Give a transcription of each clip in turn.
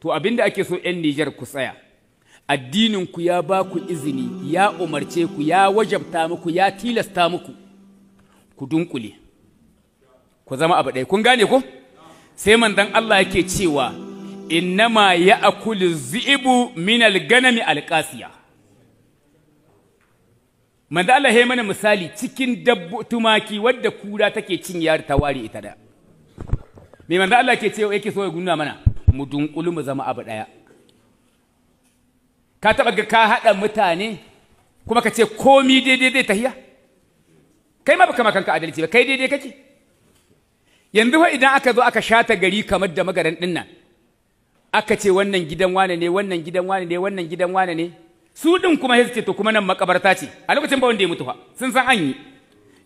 to abin da ake so 'yan Nijar ku tsaya addininku ya ba ku izini ya umarce ku ya wajabta muku ya tilasta muku ku dunkule ku zama abu ɗaya kun gane ku? sai manzon Allah yake cewa innama ya akulu zi'ibu min alganami alƙasiya. manzon Allah ya mana misali cikin dabbo tumaki wadda kura take cin yar ta ware ita da me manzon Allah yake cewa yake so ya guna mana mu dunkulu mu zama abu ɗaya ka taɓa ga ka haɗa mutane kuma ka ce komi daidai dai tahiya kai ma baka makanka adalci ba kai daidai kake yanzu fa idan aka zo aka shata gari kamar da magaran ɗin nan aka ce wannan gidan wane ne wannan gidan wane ne wannan gidan wane ne su ɗin kuma sai ce to kuma nan makabarta ce a lokacin ba wanda ya mutu fa sun san an yi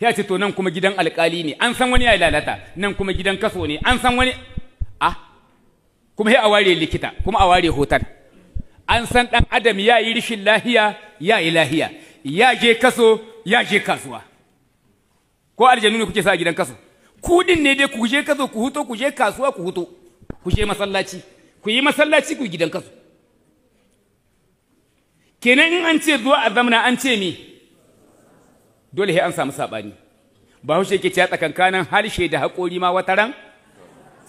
ya ce to nan kuma gidan alƙali ne an san wani ya lalata nan kuma gidan kaso ne an san wani ah kuma sai a ware likita kuma a ware hotar an san ɗan adam ya yi rishin lahiya ya yi lahiya ya je kaso ya je kasuwa ko aljanu ne kuke sa a gidan kaso kuɗin ne dai ku je kaso ku huto ku je kasuwa ku huto ku je masallaci ku yi masallaci ku gidan kaso kenan in an ce zuwa a an ce me dole sai an samu saɓani bahaushe ke cewa tsakankanin harshe da haƙori ma wataran ran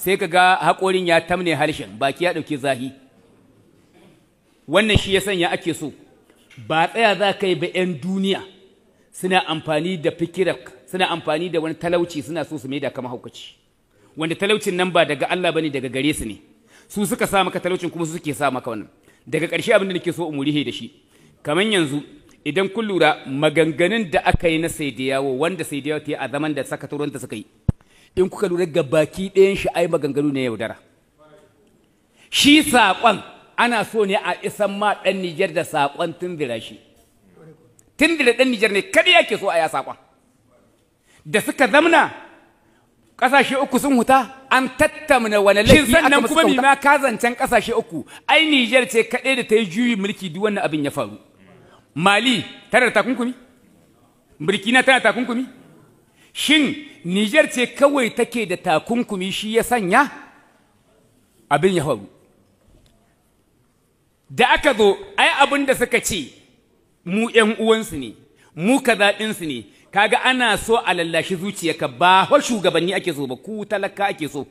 sai ka ga haƙorin ya tamne harshen baki ya ɗauki zahi wannan shi ya sanya ake so ba tsaya za ka yi ba 'yan duniya suna amfani da fikirak suna amfani da wani talauci suna so su da kama haukaci wanda talaucin nan ba daga Allah bane daga gare su ne su suka sa maka talaucin kuma su suke sa maka wannan daga ƙarshe abin da nake so in murihe da shi kamar yanzu idan kun lura maganganun da aka yi na sai wanda sai da yawo ta yi a zaman da suka yi in kuka lura ga baki ɗayan shi ai maganganu ne yaudara shi saƙon ana so ne a isan ma ɗan Nijar da saƙon tundira shi tundira ɗan Nijar ne kada yake so a ya saƙon da suka zamna ƙasashe uku sun huta an tattamna wani laifi sannan kuma mi ma ka zancen ƙasashe uku ai Nijar ce kaɗai da ta yi juyin mulki duk wannan abin ya faru Mali tana da takunkumi Burkina tana da takunkumi shin Nijar ce kawai take da takunkumi shi ya sanya abin ya faru da aka zo ai abin da suka ce mu ƴan uwansu ne mu kaza su ne kaga ana so a lallashi zuciya ba wa shugabanni ake so ba ku talaka ake so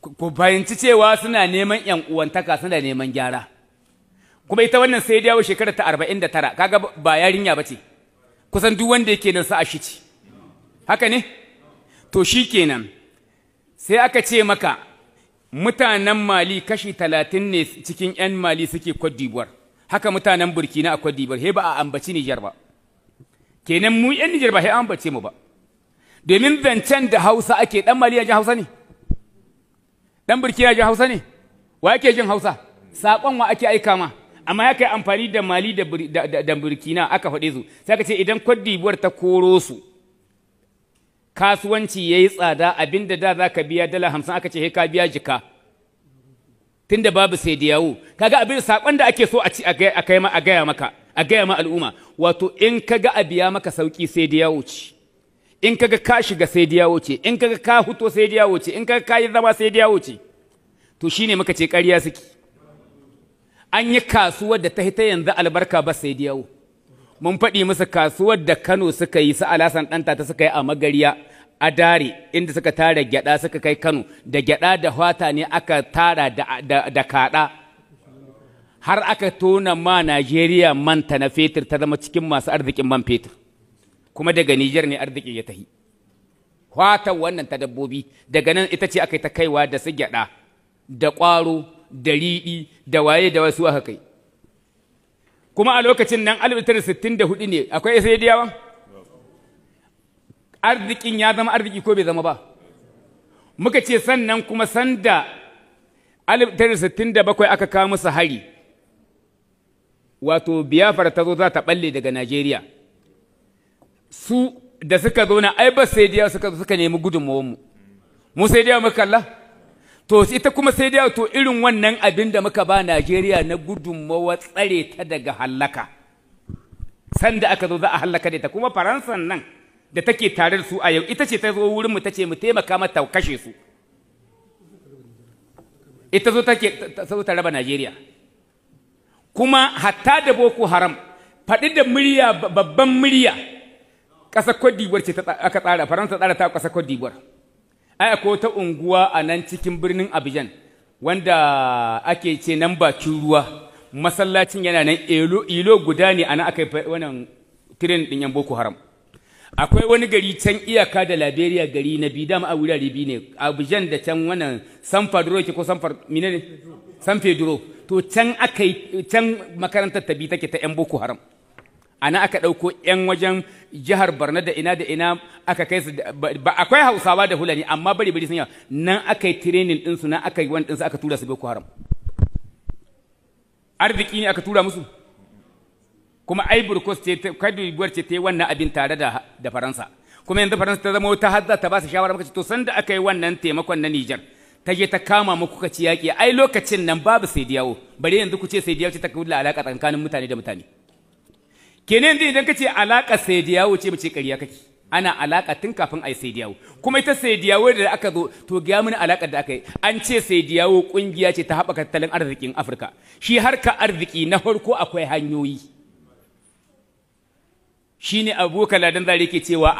ku fahimci cewa suna neman ƴan uwantaka suna neman gyara kuma ita wannan sai dawo shekara ta 49 kaga ba yarinya bace kusan duk wanda yake nan sa a shi ce haka ne to shi kenan sai aka ce maka mutanen mali kashi talatin ne cikin 'yan mali suke kwadibuwar haka mutanen burkina a kwadibuwar he ba a ambaci nijar ba kenan mu 'yan nijar ba he an ambace mu ba domin zancen da hausa ake dan mali yajin hausa ne dan burkina yajin hausa ne wa yake jin hausa saƙon wa ake aika ma amma ya kai amfani da mali da burkina aka faɗe su sai ka ce idan kwadibuwar ta koro su kasuwanci ya yi tsada abin da da za ka biya dala hamsin aka ce ka biya jika tun da babu sai da yawo kaga abin saƙon da ake so a ci a gaya maka a gaya ma al'umma wato in kaga a biya maka sauƙi sai da yawo ce in kaga ka shiga sai da yawo ce in kaga ka huto sai da yawo ce in kaga ka yi zama sai da yawo ce to shine muka ce ƙarya suke an yi kasuwa da ta hita yanzu albarka ba sai da yawo mun faɗi musu kasuwar da Kano suka yi su alasan ɗanta ta suka yi a magariya a dare inda suka tara gyaɗa suka kai Kano da gyaɗa da hwata ne aka tara da, kaɗa har aka tona ma Najeriya manta na fetur ta zama cikin masu arzikin man fetur kuma daga Nijar ne arziki ya tahi Hwata wannan ta dabbobi daga nan ita ce aka yi ta kaiwa da su gyaɗa da ƙwaro da riɗi da waye da wasu aka kai kuma a lokacin nan hudu ne akwai isaidiyawa arzikin ya zama arziki ko bai zama ba muka ce sannan kuma sanda bakwai aka kawo musu hari wato biyafar ta zo za ta balle daga najeriya su da suka zo na ai ba sai suka suka nemi gudunmawanmu mu sai muka kalla to ita kuma sai dai to irin wannan abin da muka ba Najeriya na gudunmawa tsare ta daga hallaka sanda aka zo za a hallaka da ita kuma faransa nan da take tare da su a yau ita ce ta zo wurin mu tace mu taimaka mata kashe su ita zo take zo ta raba Najeriya kuma hatta da Boko Haram faɗi da murya babban murya ƙasar Cote d'Ivoire ce aka tsara Faransa tsara ta ƙasar Cote d'Ivoire ai ko ta unguwa a nan cikin birnin Abidjan wanda ake ce nan bakin ruwa masallacin yana nan ilo guda ne ana aka yi wannan tirin din yan Boko Haram akwai wani gari can iyaka da Liberia gari na bi dama a wurare bi ne Abidjan da can wannan San Pedro ke ko San San Pedro to can aka can makarantar tabi take ta yan Boko Haram ana aka ɗauko 'yan wajen jihar barna da ina da ina aka kai su ba akwai hausawa da hulani amma bari bari sun yawa nan aka yi training ɗinsu nan aka yi wani ɗinsu aka tura su boko haram arziki ne aka tura musu kuma ivory coast ce kadu ibuwar ce ta yi wannan abin tare da da faransa kuma yanzu faransa ta zama wata hadda ta ba su shawara muka ce to sanda aka yi wannan taimakon na nijar ta je ta kama mu kuka ci yaƙi ai lokacin nan babu sai diyawo bare yanzu ku ce sai diyawo ce ta kulla alaƙa tsakanin mutane da mutane kenan yanzu idan ka ce alaƙa saidiyawo ce mace ƙarya kake ana alaƙa tun kafin a yi saidiyawo kuma ita saidiyawo da aka zo to ga mini alakar da aka yi an ce saidiyawo ƙungiya ce ta haɓaka tattalin arzikin Afirka shi har ka arziki na farko akwai hanyoyi shine Abu Kaladan zare ke cewa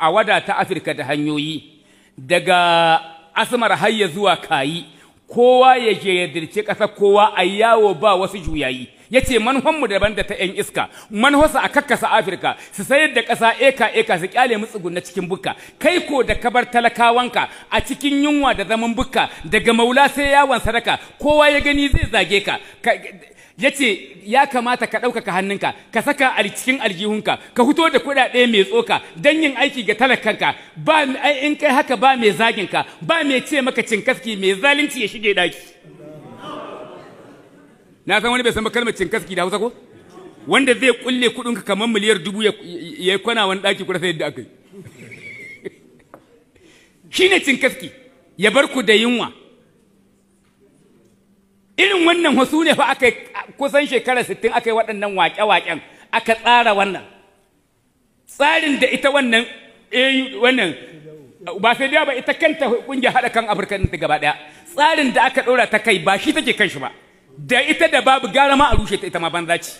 a wada ta Afirka da hanyoyi daga asmar hayya zuwa kayi kowa ya je ya dirce ƙasa kowa a yawo ba wasu juyayi ya ce manufanmu daban da ta 'yan iska manufansa a kakkasa afirka su sayar da kasa eka eka su kyale mu na cikin bukka kai ko da kabar talakawanka a cikin yunwa da zaman bukka daga maula sai yawon sadaka kowa ya gani zai zage ka ya ce ya kamata ka ɗaukaka hannunka ka saka a cikin aljihunka ka fito da kuɗaɗe mai tsoka don yin aiki ga talakanka ba in kai haka ba mai zaginka ba mai ce maka cinkaski mai zalunci ya shige ɗaki na san wani bai san ba kalmar kaski da Hausa ko wanda zai kulle kudin ka kamar miliyar dubu ya kwana wani daki kura sai yadda aka yi shine kaski ya bar ku da yunwa irin wannan wasu ne fa aka kusan shekara 60 aka yi waɗannan waƙe-waƙen aka tsara wannan tsarin da ita wannan eh, wannan ba sai da ba ita kanta kungiyar haɗa kan afirka ɗin ta gaba ɗaya tsarin da aka ɗora ta kai ba shi take kan shi ba da ita da babu gara ma a rushe ta ita ma banza ce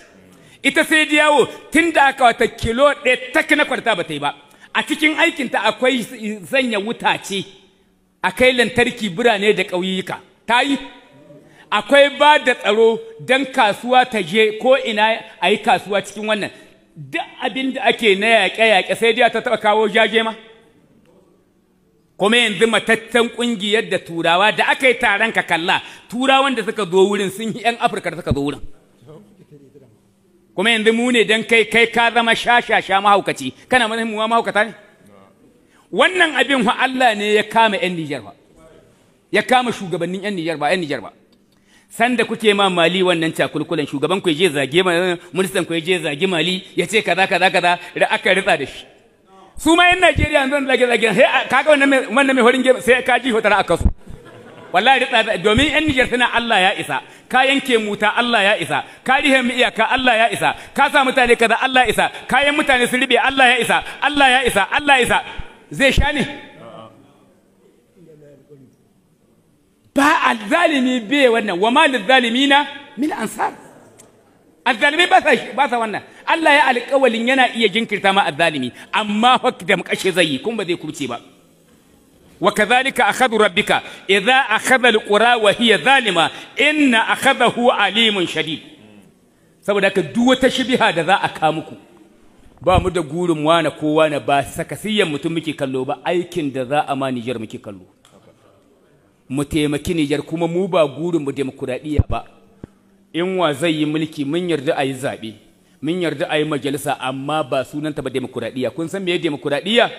ita sai yawo tun da aka wata kilo ɗaya ta na kwarta ba ta yi ba a cikin aikinta akwai zanya wutace a kai lantarki birane da ƙauyuka ta yi akwai ba da tsaro don kasuwa ta je ko ina a yi kasuwa cikin wannan duk abin da ake na yaƙe-yaƙe sai dai ta taɓa kawo jaje ma kuma yanzu matattan ƙungiyar da turawa da aka yi taron ka kalla turawan da suka zo wurin sun yi 'yan afirka da suka zo wurin kuma yanzu mu ne don kai kai ka zama shashasha mahaukaci kana mana mahaukata ne wannan abin wa Allah ne ya kama 'yan Nijar ba ya kama shugabannin 'yan Nijar ba 'yan Nijar ba sanda kuke ma mali wannan cakulkulan shugaban ku je zage ministan ku ya je zage mali ya ce kaza kaza kaza da aka ritsa da shi su ma yan Najeriya zan lage lage sai kaga wannan wannan mai horin sai ka ji hotara aka su wallahi da domin yan Niger suna Allah ya isa ka yanke muta Allah ya isa ka rihe mu iyaka Allah ya isa ka sa mutane kaza Allah ya isa kayan mutane su ribe Allah ya isa Allah ya isa Allah ya isa zai sha ne ba al-zalimi bai wannan wa ma lil-zalimina min ansar al-zalimi ba sa wannan Allah ya alƙawalin yana iya jinkirta ma zalimi amma fa da kashe zai yi kun ba zai kurce ba wa kadhalika akhadhu rabbika idza akhadha alqura wa hiya zalima inna akhadahu alimun shadid saboda haka duk wata shibiha da za a ka muku ba mu da gurin wane ko wane ba sakasiyan mutum muke kallo ba aikin da za a ma Nijar muke kallo mu taimaki Nijar kuma mu ba gurin mu demokuraɗiyya ba in wa zai yi mulki mun yarda ayi zaɓe mun yarda a yi majalisa amma ba sunanta ba demokuraɗiyya kun san meye demokuraɗiyya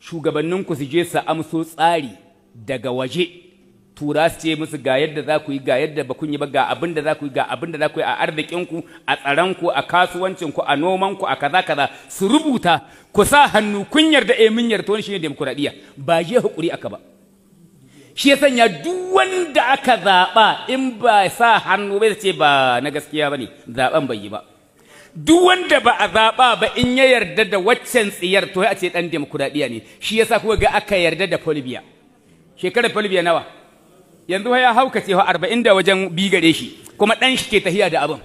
shugabanninku su je su amso tsari daga waje tura su ce musu ga yadda za ku yi ga yadda ba kun yi ba ga abin da za ku yi ga abin da za ku yi a arzikinku a tsaronku a kasuwancinku a nomanku a kaza kaza su rubuta ku sa hannu kun yarda a eh, mun yarda wani shine demokuraɗiyya ba je hukuri aka ba shi ya sanya duk wanda aka zaɓa in ba sa hannu bai ce ba na gaskiya ba ne zaɓen bai yi ba duk wanda ba a zaɓa ba in ya yarda da waccan tsiyar to ya ce ɗan demokuraɗiyya ne shi yasa kuka ga aka yarda da polibiya shekarar polibiya nawa yanzu ya hauka cewa arba'in da wajen gare shi kuma ɗan shi ke tahiya da abin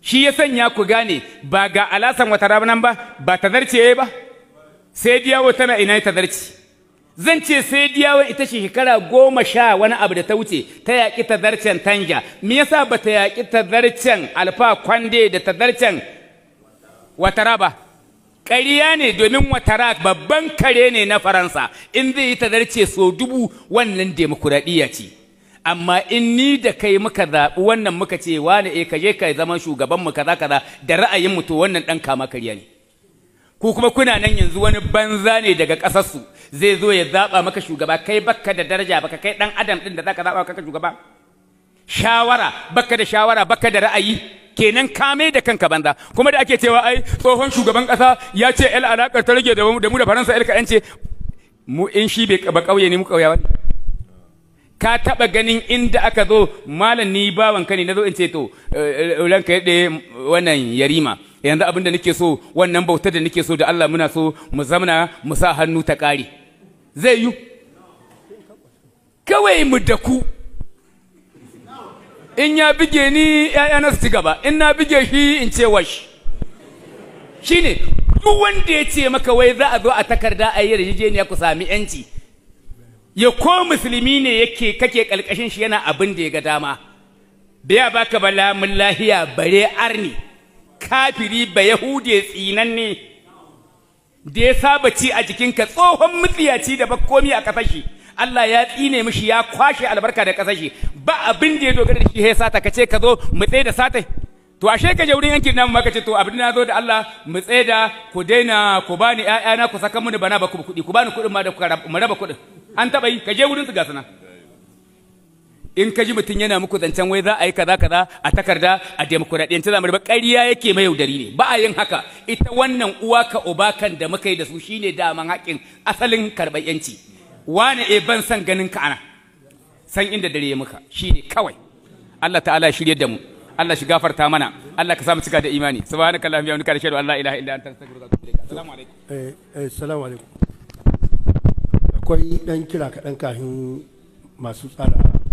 shi ya sanya ku gane ba ga alasan wata ranar ba ba ta zarce ba sai diyawo tana ina ta zarce zan ce sai diyawa ita ce shekara goma sha wani abu da ta wuce ta yaƙi tazarcen tanja me yasa ba ta yaƙi tazarcen alfa kwande da tazarcen watara ba ƙariya ne domin watara babban kare ne na faransa in zai yi tazarce so dubu wannan demokuraɗiyya ce amma in ni da kai muka zaɓi wannan muka ce wani eh, ka je ka zama shugaban kaza kaza da ra'ayinmu mu to wannan ɗan kama karya ne ko kuma kuna nan yanzu wani banza ne daga ƙasarsu zai zo ya zaba maka shugaba kai bakka da daraja baka kai ɗan adam ɗin da za ka zaɓa kanka shugaba shawara bakka da shawara bakka da ra'ayi kenan kame da kanka banza kuma da ake cewa ai tsohon shugaban ƙasa ya ce el alaƙar ta rage da mu da faransa el kaɗan ce mu in shi ba ƙauye ne mu ƙauyawa ne ka taɓa ganin inda aka zo malam ni bawan ka ne na zo in ce to eh, eh, ranka ya wannan yarima yanzu abin da nake so wannan bautar da nake so da Allah muna so mu zamana mu sa hannu ta ƙare zai yi kawai mu da in ya bige ni ‘ya'yana su ci gaba in na bige shi in ce wash shi ne duk wanda ya ce maka wai za a zo a takarda a yi yarjejeniya ku sami ‘yanci ya ko musulmi ne yake kake karkashin shi yana abin da ya ga dama da baka bala mun lahiya bare arni kafiri ba yahude tsinanne da ya saba ci a jikinka tsohon mutsiyaci da bakkomi a shi Allah ya tsine mishi ya kwashe albarka da shi ba abin da ya dogara da shi ya sata kace ka zo mu tsaye da sata to ashe ka je wurin yankin nan ma ce to abin na zo da Allah mu tsaye da ku daina ku bani ƴaƴana ku saka mini bana ba ku kuɗi ku bani kuɗin ma da ku raba kuɗin an taɓa yi ka je wurin su ga in ka ji mutum yana muku zancen wai za a yi kaza kaza a takarda a demokuraɗiyyance zamani ba ƙarya yake mai yaudari ne ba a yin haka ita wannan uwa ka uba kan da muka yi da su shine daman haƙin asalin karɓar yanci wane e ban san ganin ka ana san inda dare ya muka shine kawai Allah ta'ala shirye da mu Allah shi gafarta mana Allah ka samu cika da imani subhanaka allahumma wa bihamdika ashhadu an la ilaha illa anta astaghfiruka wa assalamu alaikum eh, eh assalamu alaikum akwai dan kira kaɗan kafin masu tsara